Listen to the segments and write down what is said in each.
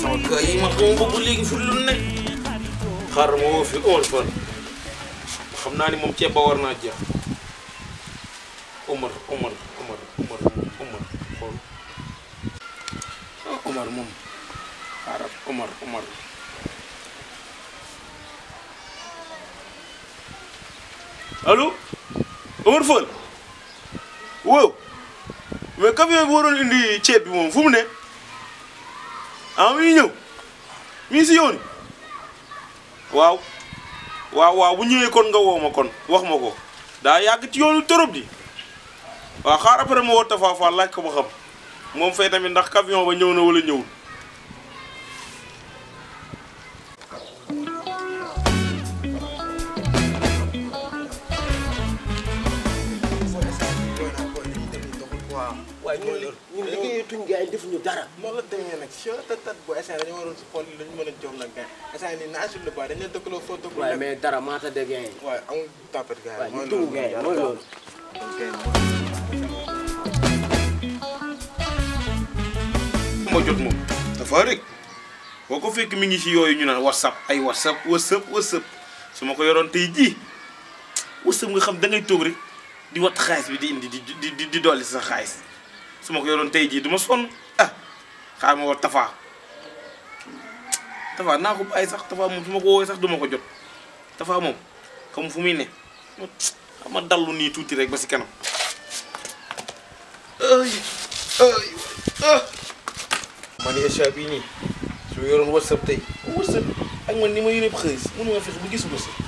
sama kaa yi man xamuma bëgg léegi fi lu ma woo fi Omar xam naa ni moom ceeb ba war naa jeex Omar Omar Omar Omar Omar ah, allo Omar Fall wow mais camion bi waroon indi ceeb bi moom fu mu ne. ah mi ñëw mi si yoon waaw waaw waaw bu ñëwee kon nga woo ma kon wax ma ko daa yàgg ci yoonu torop di waaw xaar après ma woo Tafa Fall laaj ko ba xam moom fay tamit ndax camion ba ñëw na wala ñëwul waaye ñun li defuñu dara noonu la demee nag si tat bu essane dañu waroon si xool a jox nag gars essane ni naa sur dara maata de gars yi waaye amul tàppat gars yi ma jot moom dafa rek boo ko fekk mi ngi si yooyu ñu naan whatsapp ay whatsapp whatsapp whatsapp su ma ko yoroon tey jii whatsapp nga xam da ngay rek di wat xaalis bi di indi di di di dolli sa xaalis su ma ko yoroon tey jii duma ma sonn ah xaar ma war Tafa Tafa naa ko bàyyi sax Tafa moom su ma ko woowee sax du ko jot Tafa moom xam fu muy ne ma nii tuuti rek ba si kanam. ay ay ah. ma ne su yoroon whatsapp tey whatsapp ak man ni ma yore ba fexe ba gis whatsapp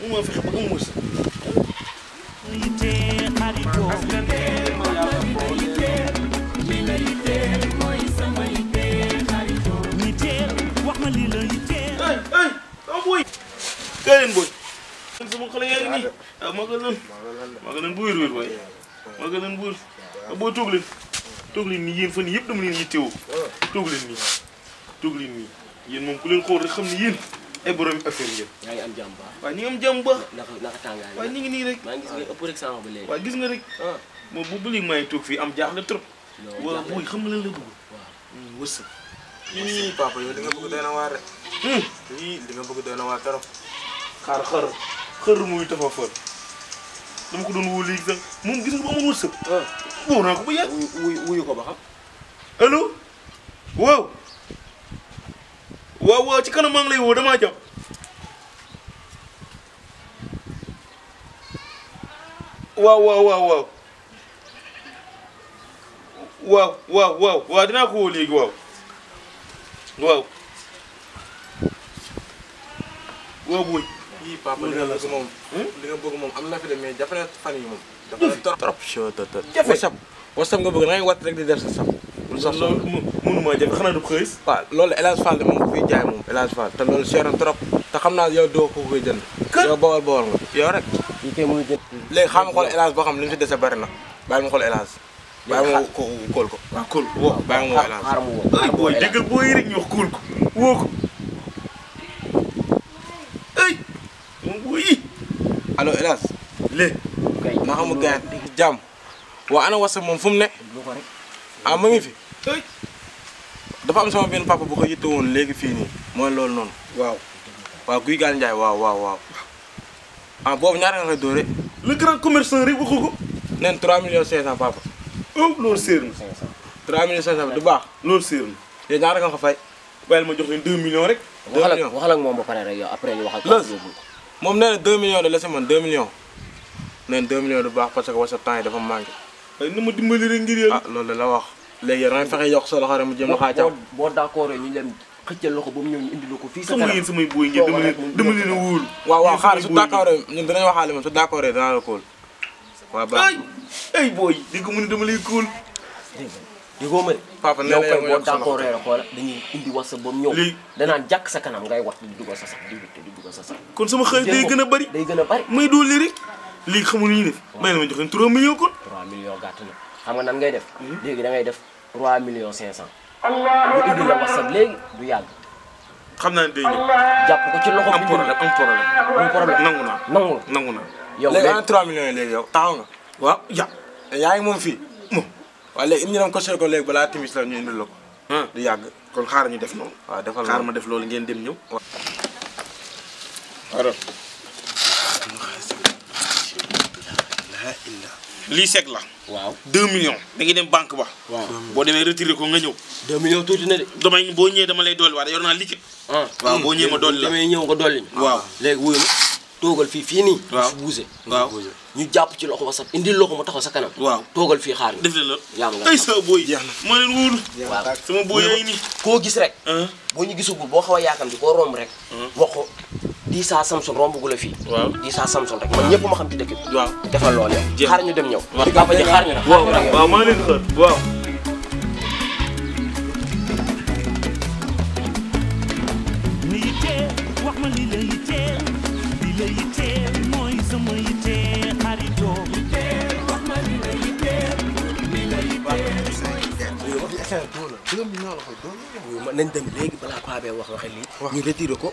mënu fexe ba am whatsapp. leen booy. sama xale yaa ngi nii ah màggal leen màggal leen bu wér wér waaye màggal leen bu wér ah, booy toog leen toog leen nii yéen fan yëpp dama leen yittewoo toog leen nii toog leen nii yéen moom ku leen xool rek xam ne yéen ay borom affaire ngeen. yaa ngi am jàmm baax waaye ñu ngi am jàmm baax. naka naka tàngaay waaye ñu ngi nii rek. maa ngi gis nga ëpp rek sama ba léegi. waaye gis nga rek. Ah. moom bu ba léegi maa ngi toog fii am jaaxle trop. wala booy xam nga lan la bëgg. waaw hmm, wërsëg. papa yow li nga bëgg doy na waar rek. li hmm. nga bëgg doy na waar trop. xaar xër xër muy tafa fër dama ko doon wóor léegi sax moom gis nga ba amoon wërsëg. Ah. wóor ko ba yàgg. wuyu wuyu ko ba xam. allo waaw waaw waaw ci kanam maa ngi lay woo damaa jàpp. waaw waaw waaw waaw waaw waaw waaw waaw dinaa ko dis papa li nga bëgg moom li nga bëgg moom am na fi de mais jafe na fan yi moom dafa na trop chaud jafe wasap wasap nga bëgg da ngay watt rek di def sa sap lu sax loolu mënuma jafe xanaa du xëy waaw loolu El Hadj Fall de moom jaay moom El Hadj te loolu cher na trop te xam naa yow doo ko koy jënd yow bawal bawal nga yow rek léegi xam nga xool El boo xam li mu fi dese bari na bàyyi xool El Hadj bàyyi ma ko woo ko yi allo El Hadj léegi maa xamul gars jàmm waa ana wasa moom fu mu ne ah ma ngi fi dafa am sama benn papa bu ko yitte woon léegi fii nii mooy loolu noonu waaw waaw guy gaan Njaay waaw waaw waaw ah boobu ñaata nga koy dóore le grand commerçant rek waxu ko neen trois millions cinq cent papa oh loolu séer na trois millions cinq cent du baax loolu séer na yéen ñaata nga ko fay bàyyil ma jox leen millions rek waxal moom ba pare rek yow après ñu waxal moom nee na 2 millions de la si man 2 millions nee na 2 millions baax parce que Whatsapp temps dafa manqué. a nu ma dimbali ngir yéen. ah loolu la wax. léegi yow da nga fexe yokk sa loxo mu jëm la xaajal. boo boo boo d'accord ñu dem xëccal loxo ba mu ñëw ñu indil ko fii. sa kanam sama samay booy ngeen dama leen dama leen a wóolu. waaw waaw xaaral su d'accord ñun dinañ waxaale moom su d'accord danaa la kóol. waaw baax ay ay booy. dégg nga mu yëgoo ma de. papa nee na yow boo d'accord xoola dañuy indi wasa ba mu ñëw. lii danaan jàkk sa kanam ngay wax di dugg sa sax di dugg sa sax. kon sama xëy day gën a bari day gën a bari. muy doo lirik lii xamul ñu def. waaw may na ma jox leen 3 millions kon. 3 millions gàtt na xam nga nan ngay def. Hmm? léegi da ngay def 3 millions 500. bu indi la wasa léegi du yàgg. xam naa ne day ñëw. jàpp ko ci loxo bi. am problème am problème. am problème nangu naa nangu nangu naa. yow léegi 3 millions yi léegi yow taxaw nga. waaw ja yaa ngi moom fii moom waaw léegi indi nañ ko sel ko léegi balaa timis la ñu indil la ko. Hmm. du yàgg kon xaar ñu def noonu. waaw defal ma def loolu ngeen dem ñëw. waaw. lii sec la. waaw 2 millions. da ngay dem banque ba. waaw boo demee retiré ko nga ñëw. 2 millions tuuti na de. damay boo ñëwee dama lay dolliwaat yor naa liquide. Ah, waaw hmm. boo ñëwee ma dolli la damay ñëw nga dolli. waaw léegi wuyu ma. toogal fii fii nii. waaw bougé waaw ñu jàpp ci loxo ma sax loxo ma taxaw sa kanam. waaw toogal fii xaar la yaa ma tey sa booy. jeex na ma leen wóolu. waaw gis rek. boo ñu gisagul boo xaw a yaakaar di koo romb rek. wax ko Disa Samson romb gu la fii. waaw Disa Samson rek man ñëpp ma xam ci dëkk bi. waaw defal loolu yow. jeex xaar ñu dem ñëw. waaw gàpp ji xaar ñu nag. waaw. loolu dinaa la ko doon. nañ dem léegi balaa Paa bee wax waxee lii. waaw ñu retiré ko.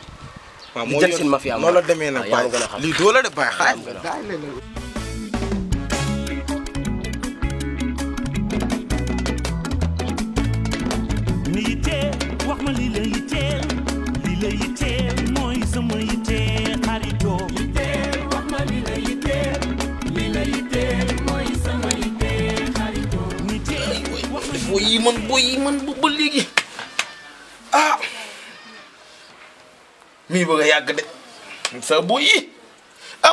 waaw moo yor moo la demee nag ah, Baye lii doo la de Baye xaar. lii tee wax ma lii lay. man booy man ba léegi ah mii bëgg a yàgg de sa booy yi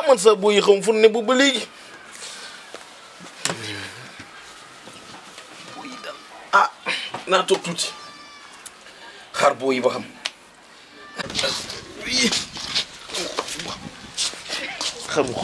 man sa booy ah, yi xam fu ne bu ba léegi booy yi ah, tuuti xaar booy yi ba xam xam nga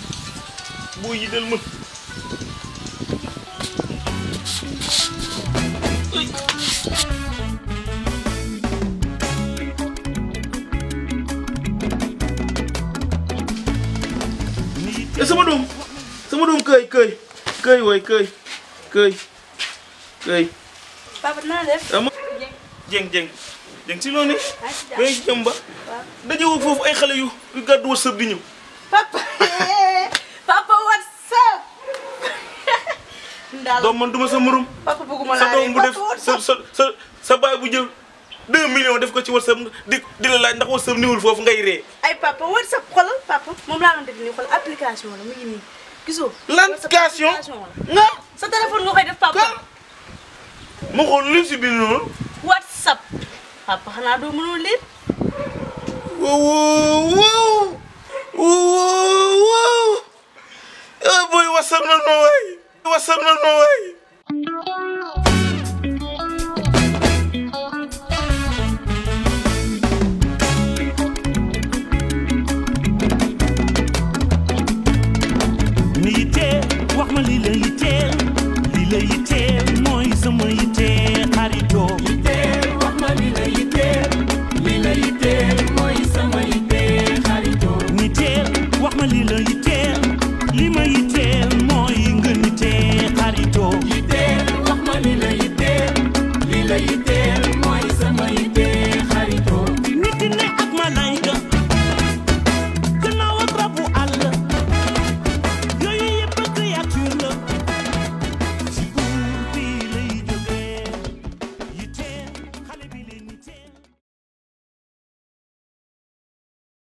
buydel mı? Ê, sao mất đùm Sao mất đùm cười cười Cười hoài cười Cười Cười Ba bật nó đẹp Ờ mất Dành dành Dành xin lỗi nè Bên chồng bà Đã dư phục ai vâng. khá là yu Gạt đua sập Papa doom man duma sa murum papa bëgguma la sa doom bu def sa sa sa baay bu jël 2 millions def ko ci whatsapp di di la laaj ndax whatsapp niwul foofu ngay ree ay papa whatsapp xolal papa moom laa doon def nii xol application la mu ngi nii gisoo l'application nga sa téléphone nga koy def papa mu xool lu si bind whatsapp papa xanaa doo mënoo leen wow wow wow wow eh, boy whatsapp na noo waay What's up, my boy? Me Nité, wax ma li